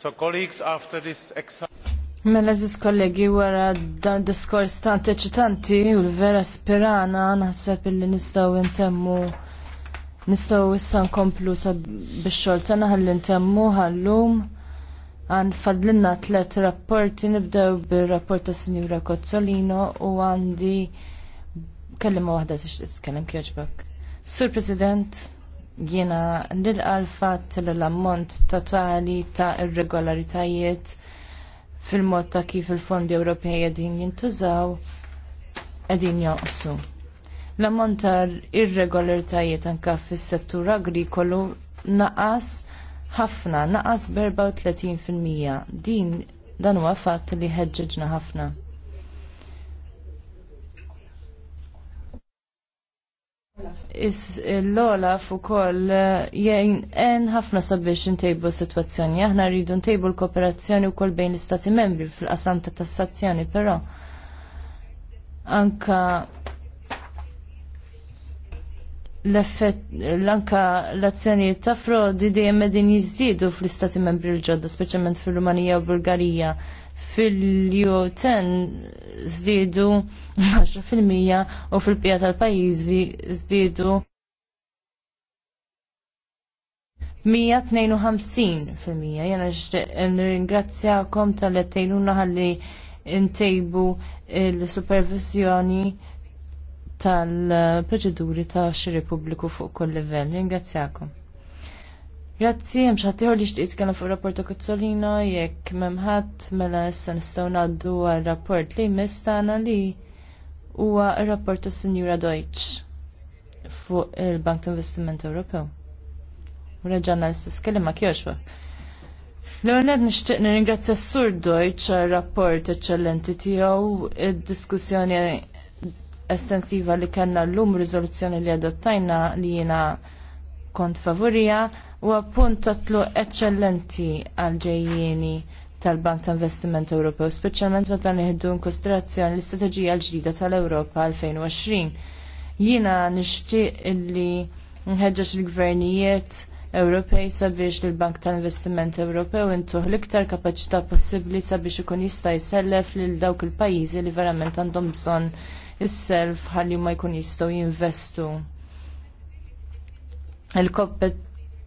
So colleagues after this Mela ziz kollegi wara dan diskors tant eċitanti u l-vera spirana naħseb illi nistaw intemmu nistaw issa nkomplu sab xogħol tagħna ħalli intemmu ħallum għan fadlinna tlet rapporti nibdew bir-rapport ta' Sinjura Kozzolino u għandi kellima waħda tixtieq tkellem kjoġbok. Sur President, jiena nilqa l-fatt li l-ammont totali ta' irregolaritajiet fil-mod ta' kif il-fondi Ewropej qegħdin jintużaw qegħdin jonqsu. L-ammont ta' irregolaritajiet anke fis-settur agrikolu naqas ħafna, naqas b'34%. Din dan huwa fatt li ħeġġeġna ħafna. l-Olaf u koll eh, en ħafna sabiex ntejbu situazzjoni. Aħna rridu ntejbu l-kooperazzjoni u koll bejn l-istati membri fil-qasam ta' tassazzjoni, però anka l-anka l-azzjonijiet ta' frodi dejjem din jiżdiedu fl-istati membri l-ġodda, speċjalment fil-Rumanija u Bulgarija fil-ju 10 zdidu 10% u fil-pija tal-pajizi zdidu 152% jena kom tal-ettejnuna ħalli intejbu il-supervizjoni tal-proċeduri ta' xiri pubbliku fuq kull livell. Ringrazzjakom. Grazzi, hemm xi li xtieq kena fuq rapportu kuzzolino, jek jekk memħat mela issa nistgħu ngħaddu għal rapport li mistana li huwa r-rapport tas Sinjura Deutsch fuq il-Bank ta' Investiment Ewropew. Reġanna l-istess kelima l Leoned nixtieq nirringrazzja s-Sur Deutsch għal-rapport eċċellenti tiegħu il diskussjoni estensiva li kellna llum riżoluzzjoni li adottajna li jiena kont favorija u appunt totlu eccellenti għal ġejjieni tal-Bank ta' Investiment Ewropew, speċjalment meta nieħdu konsiderazzjoni l-istrateġija l-ġdida tal-Ewropa 2020. Jiena nixtieq illi nħeġġeġ il-gvernijiet Ewropej sabiex lill bank ta' Investiment Ewropew intuħ l-iktar kapaċità possibbli sabiex ikun jista' jsellef lil dawk il-pajjiżi li verament għandhom bżonn is-self ħalli ma jkun jistgħu jinvestu. il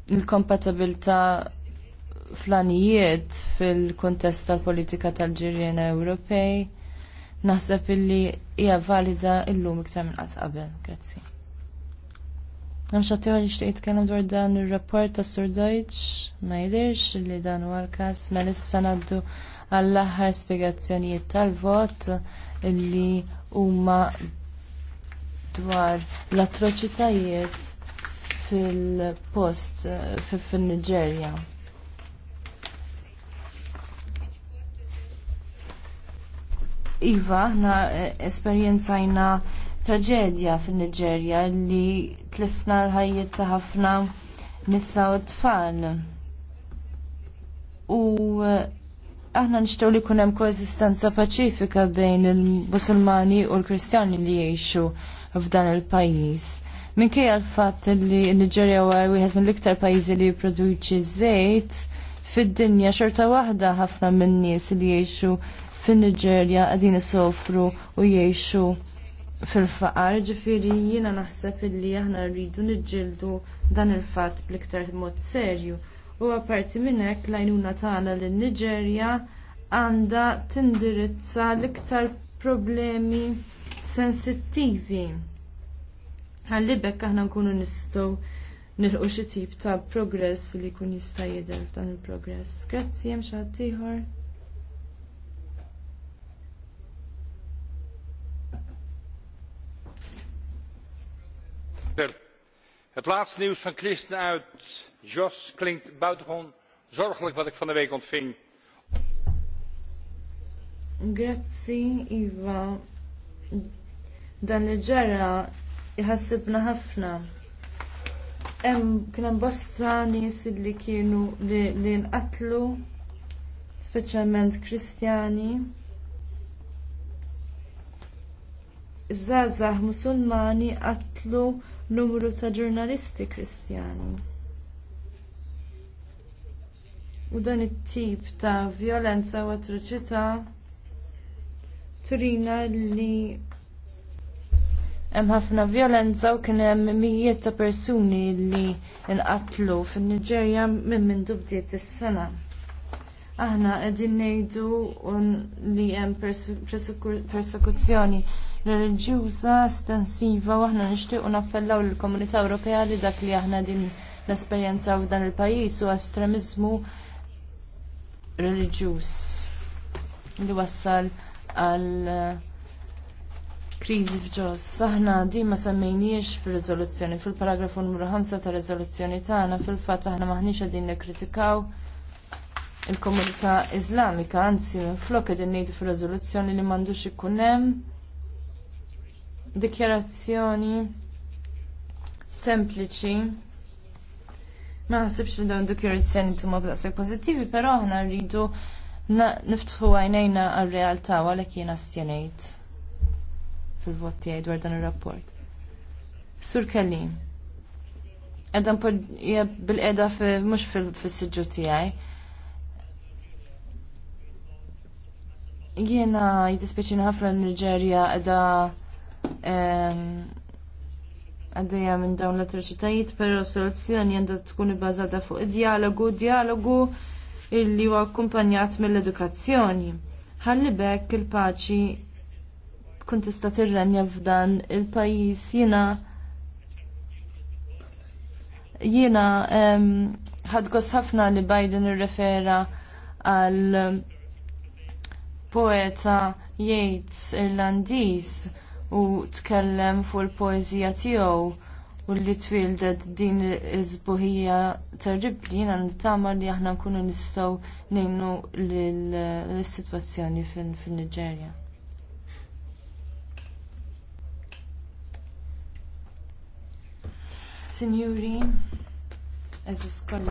il kompatibilta flanijiet fil-kontest tal-politika tal-ġirjena Ewropej naħseb illi hija valida illum iktar minn qatt qabel. Grazzi. Hemm xi li xtiqt jitkellem dwar dan ir-rapport ta' Sur Deutsch ma jidirx li dan huwa l-każ ma mela issa ngħaddu għall-aħħar spjegazzjonijiet tal-vot illi huma dwar l-atroċitajiet fil-post eh, fil-Nigeria. Iva, ħna eh, esperienzajna traġedja fil-Nigeria li tlifna l-ħajiet ta' ħafna nissa u tfal. U eh, aħna nixtaw li kunem koesistenza paċifika bejn il-Musulmani u l-Kristjani li jiexu f'dan il-pajis. Minkejja l-fatt li n-Niġerja huwa wieħed mill-iktar pajjiżi li jipproduċi żejt fid-dinja xorta waħda ħafna minn nies li jgħixu fin-Niġerja qegħdin isofru u jgħixu fil-faqar ġifieri jiena naħseb illi aħna rridu niġġieldu dan il-fatt bl-iktar mod serju. U apparti minn hekk l-għajnuna tagħna lin-Niġerja għandha tindirizza l-iktar problemi sensittivi Ħalli bekk aħna nkunu nistgħu nilqu xi tip ta' progress li jkun jista' jidher f'dan il-progress. Grazzi hemm xi ħadd ieħor. Het laatste nieuws van Christen uit Jos klinkt buitengewoon zorgelijk wat ik van de week ontving. Grazie, Iva. Dan li ġara iħassibna ħafna. Hemm kien hemm bosta nies li kienu li nqatlu, speċjalment Kristjani. Iż-żgħażagħ Musulmani qatlu numru ta' ġurnalisti Kristjani. U dan it-tip ta' vjolenza u atroċità turina li hemm ħafna violenza u kien hemm mijiet ta' persuni li nqatlu fin-Niġerja minn mindu bdiet is-sena. Aħna qegħdin ngħidu li hemm persekuzzjoni reliġjuża estensiva u aħna nixtiequ nappellaw lill-Komunità Ewropea li dak li aħna din l-esperjenza f'dan il-pajjiż u estremiżmu reliġjuż li wassal għal kriżi f'ġos. Aħna di ma semmejniex fil-riżoluzzjoni, fil-paragrafu numru 5 ta' riżoluzzjoni tagħna fil-fatt aħna maħniex qegħdin nikkritikaw il-komunità Iżlamika, anzi minflok qegħdin ngħidu fir-riżoluzzjoni li m'għandux ikun hemm dikjarazzjoni sempliċi ma ħsibx li dawn dikjarazzjoni huma b'daqshekk pożittivi, però aħna rridu niftħu għajnejna għal-realtà għalhekk jiena stjenejt fil-vot tiegħi dwar dan ir-rapport. Sur Kelly, edha bil-qeda mhux fis-siġġu tiegħi. Jiena jiddispjaċini ħafna l-Niġerja qiegħda għaddejja minn dawn l-atroċitajiet, pero soluzzjoni għandha tkun ibbażata fuq dialogu, dialogu illi huwa akkumpanjat mill-edukazzjoni. Ħalli bekk il-paċi tkun tista' tirrenja f'dan il-pajjiż jiena jiena ħadgos ħafna li Biden irrefera għal poeta Yates Irlandiż u tkellem fuq il poezija tiegħu u li twildet din iż-żbuħija terribbli jiena nittama li aħna nkunu nistgħu ngħinu lill-sitwazzjoni sitwazzjoni fin-Niġerja. Signori, eżis